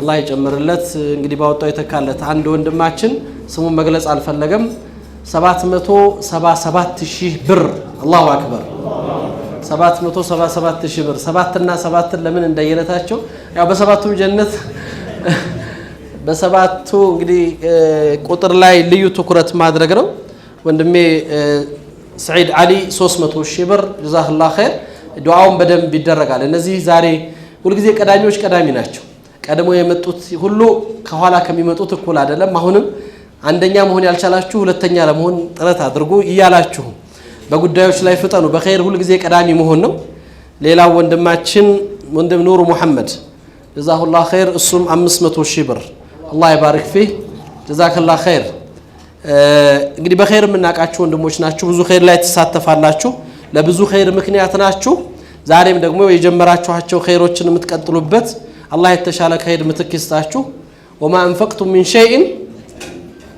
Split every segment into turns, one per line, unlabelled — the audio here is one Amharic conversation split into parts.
አላህ ይጨምርለት። እንግዲህ ባወጣው የተካለት አንድ ወንድማችን ስሙን መግለጽ አልፈለገም። 777000 ሺህ ብር አላሁ አክበር 777000 ብር። ብር ሰባትና ሰባትን ለምን እንደየለታቸው ያው በሰባቱ ጀነት በሰባቱ እንግዲህ ቁጥር ላይ ልዩ ትኩረት ማድረግ ነው። ወንድሜ ሰዒድ አሊ 300000 ሺህ ብር ጀዛክላ ኸይር። ዱዓውን በደንብ ይደረጋል። እነዚህ ዛሬ ሁልጊዜ ቀዳሚዎች ቀዳሚ ናቸው። ቀድሞ የመጡት ሁሉ ከኋላ ከሚመጡት እኩል አይደለም። አሁንም አንደኛ መሆን ያልቻላችሁ ሁለተኛ ለመሆን ጥረት አድርጉ እያላችሁ በጉዳዮች ላይ ፍጠኑ። በኸይር ሁልጊዜ ቀዳሚ መሆን ነው። ሌላው ወንድማችን ወንድም ኑር ሙሐመድ ጀዛሁላ ኸይር፣ እሱም አምስት መቶ ሺህ ብር አላህ ይባርክ ፊህ ጀዛክላ ኸይር። እንግዲህ በኸይር የምናውቃችሁ ወንድሞች ናችሁ። ብዙ ኸይር ላይ ትሳተፋላችሁ። ለብዙ ኸይር ምክንያት ናችሁ። ዛሬም ደግሞ የጀመራችኋቸው ኸይሮችን የምትቀጥሉበት አላህ የተሻለ ከሄድ ምትክ ይስጣችሁ። ወማ አንፈቅቱም ሚን ሸይን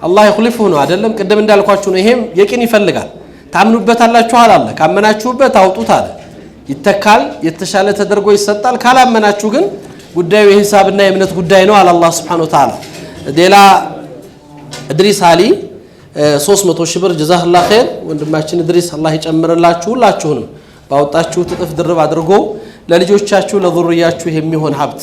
አላህ ይኹሊፉሁ ነው አይደለም? ቅድም እንዳልኳችሁ ነው። ይሄም የቂን ይፈልጋል። ታምኑበታላችሁ አላለ። ካመናችሁበት አውጡት አለ። ይተካል፣ የተሻለ ተደርጎ ይሰጣል። ካላመናችሁ ግን ጉዳዩ የሂሳብና የእምነት ጉዳይ ነው አለ አላህ ሱብሓነሁ ወተዓላ። ሌላ እድሪስ አሊ 300 ሺህ ብር ጀዛህላ ኸይር ወንድማችን እድሪስ አላህ ይጨምርላችሁ። ሁላችሁንም ባወጣችሁት እጥፍ ድርብ አድርጎ ለልጆቻችሁ ለዙርያችሁ የሚሆን ሀብት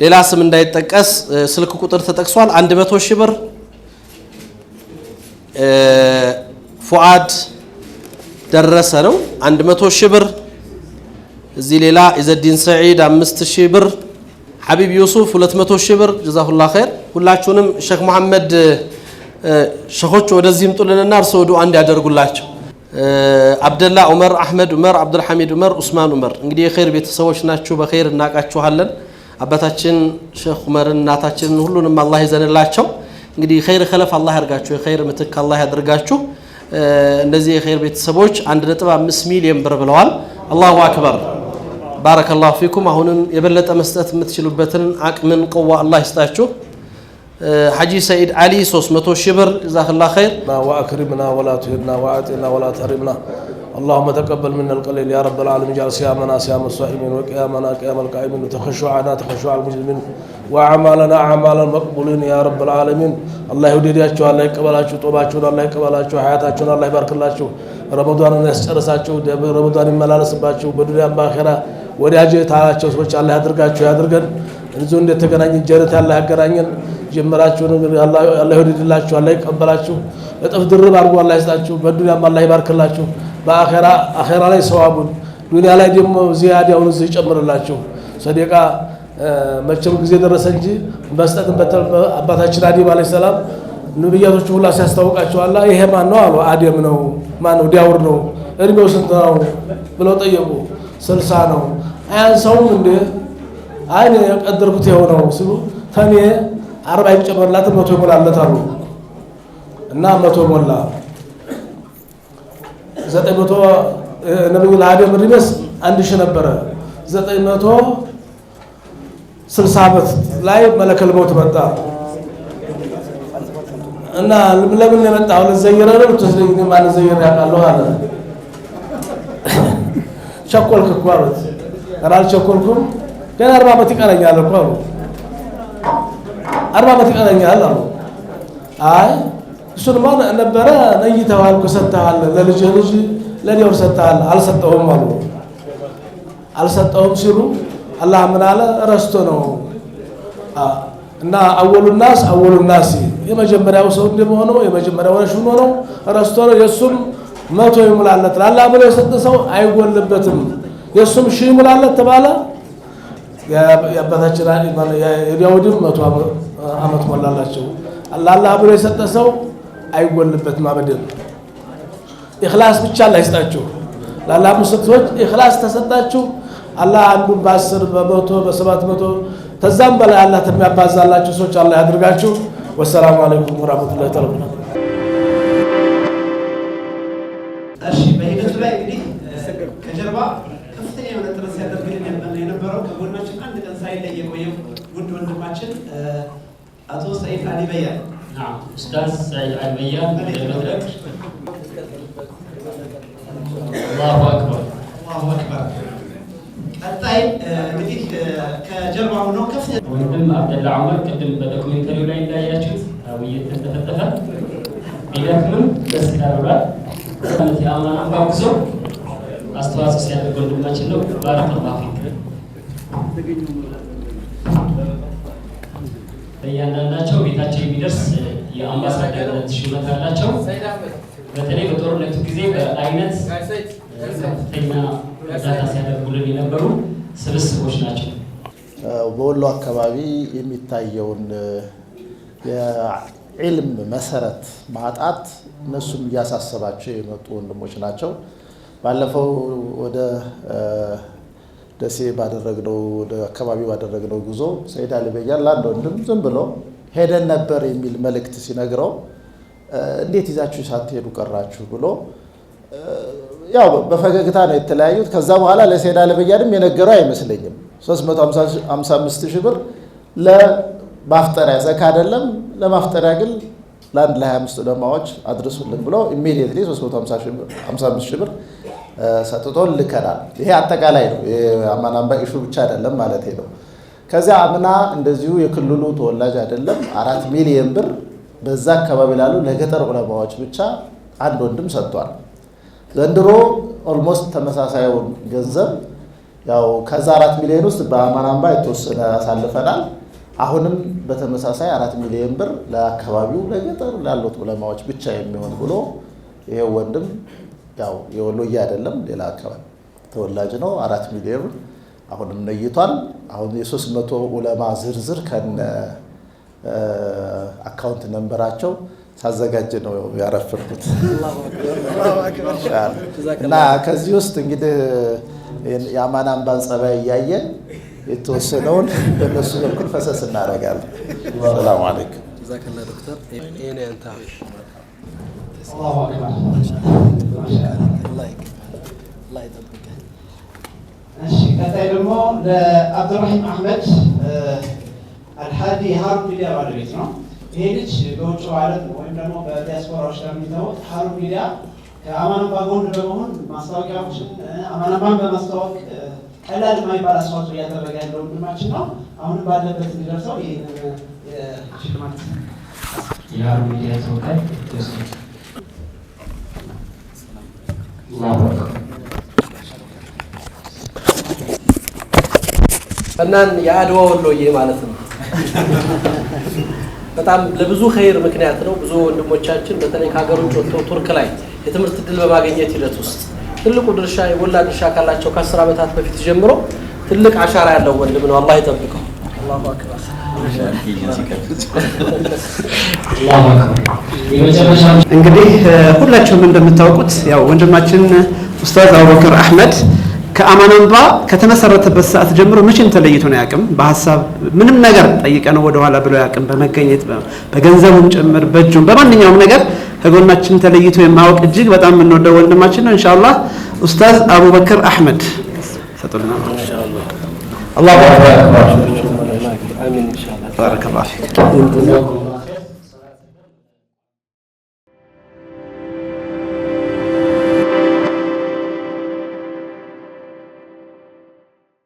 ሌላ ስም እንዳይጠቀስ ስልክ ቁጥር ተጠቅሷል። አንድ መቶ ሺህ ብር ፉአድ ደረሰ ነው። አንድ መቶ ሺህ ብር እዚህ ሌላ ኢዘዲን ሰዒድ አምስት ሺህ ብር፣ ሐቢብ ዩሱፍ 200 መቶ ሺህ ብር ጀዛሁላ ኸይር። ሁላችሁንም ሼክ መሐመድ ሸኾች ወደዚህ ምጡልንና እርስዎ ዱዓ እንዲያደርጉላቸው አብደላ ዑመር፣ አህመድ ዑመር፣ አብዱልሐሚድ ዑመር፣ ዑስማን ዑመር እንግዲህ የኸይር ቤተሰቦች ናችሁ። በኸይር እናውቃችኋለን። አባታችን ሼክ ዑመርን እናታችንን ሁሉንም አላህ ይዘንላቸው። እንግዲህ ኸይር ከለፍ አላህ ያድርጋችሁ፣ የኸይር ምትክ አላህ ያደርጋችሁ እነዚህ የኸይር ቤተሰቦች 1.5 ሚሊዮን ብር ብለዋል። አላሁ አክበር ባረከላሁ ፊኩም። አሁንም የበለጠ መስጠት የምትችሉበትን አቅምን ቆዋ አላህ ይስጣችሁ። ሐጂ ሰኢድ አሊ 300 ሺህ ብር ጀዛክላ ኸይር
ወአክሪምና ወላ ትሂብና ወአዕጢና ወላ ተህሪምና اللهم تقبل منا القليل يا رب العالمين اجعل صيامنا صيام الصائمين وقيامنا قيام القائمين وتخشعنا تخشع المسلمين واعمالنا اعمال المقبولين يا رب العالمين الله يوديያችሁ الله ይቀበላችሁ ጦባችሁን الله ይቀበላችሁ ሀያታችሁን الله ይባርክላችሁ ረመዳንን ያስጨርሳችሁ ረመዳን ይመላለስባችሁ በዱንያም በአኺራ ወዳጅ ታላቸው ሰዎች አላህ ያድርጋችሁ ያድርገን እንዙ እንደተገናኘን ጀነት አላህ ያገናኘን ጀመራችሁ ነው። አላህ ይወድድላችሁ፣ አላህ ይቀበላችሁ፣ እጥፍ ድርብ አድርጎ አላህ ይስጣችሁ። በዱንያም አላህ ይባርክላችሁ። በአኼራ ላይ ሰዋቡን፣ ዱንያ ላይ ደግሞ ዚያዳውን እዚህ ይጨምርላችሁ። ሰደቃ መቼም ጊዜ ደረሰ እንጂ መስጠትን አባታችን አደም ዓለይሂ ሰላም ንብያቶቹ ሁላ ሲያስታውቃቸው አላህ ይሄ ማን ነው አሉ። አደም ነው። ማን ነው? ዲያውር ነው። እድሜው ስንት ነው ብለው ጠየቁ። ስልሳ ነው። አያንሰውም እንዴ? አይ እኔ የቀደርኩት የሆነው ስሉ ተኔ አርባ የሚጨመርላትን መቶ ይሞላለት አሉ እና መቶ ሞላ። ዘጠኝ መቶ ነብዩ ለአደም ሪመስ አንድ ሺህ ነበረ። ዘጠኝ መቶ ስልሳ ዓመት ላይ መለከል መውት መጣ እና ለምን የመጣ አሁን ዘይረ ነው ተስለኝ ማን ዘይረ ያውቃለሁ አለ። ቸኮልክ እኮ አሉት። አልቸኮልኩም ገና አርባ ዓመት ይቀረኛል እኮ አሉ አርባ ዓመት ይቀረኛል አሉ። አይ እሱንማ ነበረ ነይተዋል ሰጥተሃል፣ ለልጅ ልጅ ለዲያው ሰጥተሃል። አልሰጠውም አሉ። አልሰጠውም ሲሉ አላህ ምን አለ? ረስቶ ነው እና አወሉ ናስ አወሉ ናስ የመጀመሪያው ሰው እንደመሆኑ የመጀመሪያው ረሹን ነው ረስቶ ነው። የእሱም መቶ ይሙላለት ላላ ብሎ የሰጠ ሰው አይጎልበትም። የእሱም ሺህ ይሙላለት ተባለ። የአባታችን የዳውድም መቶ አመት ሞላላቸው። አላህ ብሎ የሰጠ ሰው አይጎልበትም አበደም። ኢኽላስ ብቻ ላይስጣችሁ ላላ ምስክሮች ኢኽላስ ተሰጣችሁ አላህ አንዱን በአስር በመቶ በሰባት መቶ ተዛም በላይ አላህ የሚያባዛላችሁ ሰዎች አላህ ያድርጋችሁ። ወሰላሙ አለይኩም ወራህመቱላሂ ወበረካቱ።
ኡስታዝ ሳይድ አልበያን ለመድረክ አላሁ አክበር
አላሁ አክበር። ቀጣይ እንግዲህ ከጀርባ ሆነው ከፍ
ወንድም አብደላ ዑመር ቅድም በዶክሜንተሪው ላይ እንዳያችሁት ውይይት ተተፈተፈ ቢደክምም ደስ ይላሉላል ሰነት የአማና ባጉዞ አስተዋጽኦ ሲያደርግ ወንድማችን ነው። ባረክ ላፊ እያንዳንዳቸው ቤታቸው የሚደርስ የአምባሳደር ሽመት አላቸው። በተለይ በጦርነቱ ጊዜ በአይነት ከፍተኛ እርዳታ ሲያደርጉልን የነበሩ ስብስቦች ናቸው።
በወሎ አካባቢ የሚታየውን የዕልም መሰረት ማጣት እነሱም እያሳሰባቸው የመጡ ወንድሞች ናቸው። ባለፈው ወደ ደሴ ባደረግነው ወደ አካባቢ ባደረግነው ጉዞ ሰይድ አልበያል ለአንድ ወንድም ዝም ብለው ሄደን ነበር የሚል መልእክት ሲነግረው እንዴት ይዛችሁ ሳትሄዱ ቀራችሁ ብሎ ያው በፈገግታ ነው የተለያዩት። ከዛ በኋላ ለሴዳ ለበያድም የነገረው አይመስለኝም። 355 ሺህ ብር ለማፍጠሪያ ዘካ አይደለም፣ ለማፍጠሪያ ግን ለአንድ ለ25 ለማዎች አድርሱልን ብሎ ኢሚዲየትሊ 355 ሺህ ብር ሰጥቶን ልከናል። ይሄ አጠቃላይ ነው፣ የአማን ኢሹ ብቻ አይደለም ማለት ነው። ከዚያ አምና እንደዚሁ የክልሉ ተወላጅ አይደለም አራት ሚሊየን ብር በዛ አካባቢ ላሉ ለገጠር ዑለማዎች ብቻ አንድ ወንድም ሰጥቷል። ዘንድሮ ኦልሞስት ተመሳሳዩን ገንዘብ ያው ከዛ አራት ሚሊዮን ውስጥ በአማናምባ የተወሰነ አሳልፈናል። አሁንም በተመሳሳይ አራት ሚሊዮን ብር ለአካባቢው ለገጠር ላሉት ዑለማዎች ብቻ የሚሆን ብሎ ይሄ ወንድም ያው የወሎዬ አይደለም ሌላ አካባቢ ተወላጅ ነው አራት ሚሊዮን አሁንም ነይቷል። አሁን የሶስት መቶ ዑለማ ዝርዝር ከነ አካውንት ነንበራቸው ሳዘጋጅ ነው ያረፍርኩት እና ከዚህ ውስጥ እንግዲህ የአማን አምባን ጸባይ እያየን የተወሰነውን በእነሱ በኩል ፈሰስ እናደርጋለን። ሰላሙ አለይኩም።
ቀጣይ ደግሞ ለአብዱራሂም አህመድ አልሀዲ ሀሩን ሚዲያ ባለቤት ነው። ይሄ ልጅ በውጭ ዓለም ወይም ደግሞ በዲያስፖራዎች ለሚታወቅ ሀሩን ሚዲያ ከአማን ባንክ ጎን በመሆን ማስታወቂያዎችን አማን ባንክ ቀላል የማይባል አስተዋጽኦ እያደረገ ያለው ወንድማችን ነው። አሁንም ባለበት እንዲደርሰው ይህንን
ሽልማት የሀሩን ሚዲያ ተወካይ ስ
እናን የአድዋ ወሎዬ ማለት ነው። በጣም ለብዙ ኸይር ምክንያት ነው። ብዙ ወንድሞቻችን በተለይ ከሀገር ውጭ ወጥተው ቱርክ ላይ የትምህርት እድል በማግኘት ሂደት ውስጥ ትልቁ ድርሻ የጎላ ድርሻ ካላቸው ከአስር ዓመታት በፊት ጀምሮ ትልቅ አሻራ ያለው ወንድም ነው። አላህ ይጠብቀው።
እንግዲህ ሁላችሁም እንደምታውቁት ያው ወንድማችን ኡስታዝ አቡበክር አህመድ ከአማናንባ ከተመሰረተበት ሰዓት ጀምሮ መቼም ነው ያቅም በሀሳብ ምንም ነገር ጠይቀ ነው ወደኋላ ብሎ ያቅም በመገኘት በገንዘቡም ጭምር በእጁም በማንኛውም ነገር ከጎናችን ተለይቶ የማወቅ እጅግ በጣም የምንወደው ወንድማችን ነው። ኢንሻአላህ ኡስታዝ አቡበክር አህመድ ሰጡልና አላሁ አክበር